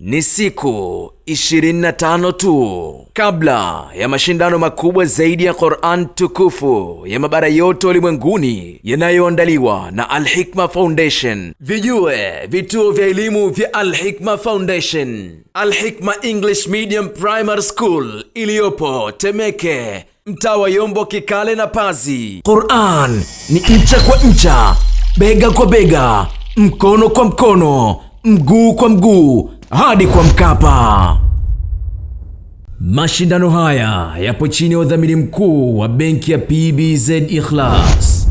Ni siku 25 tu kabla ya mashindano makubwa zaidi ya Quran tukufu ya mabara yote ulimwenguni yanayoandaliwa na Al Hikma Foundation. Vijue vituo vya elimu vya Al Hikma Foundation. Al Hikma English Medium Primary School iliyopo Temeke, mtaa wa Yombo, Kikale na Pazi. Quran ni ncha kwa ncha, bega kwa bega, mkono kwa mkono, mguu kwa mguu hadi kwa Mkapa. Mashindano haya yapo chini ya udhamini mkuu wa benki ya PBZ Ikhlas.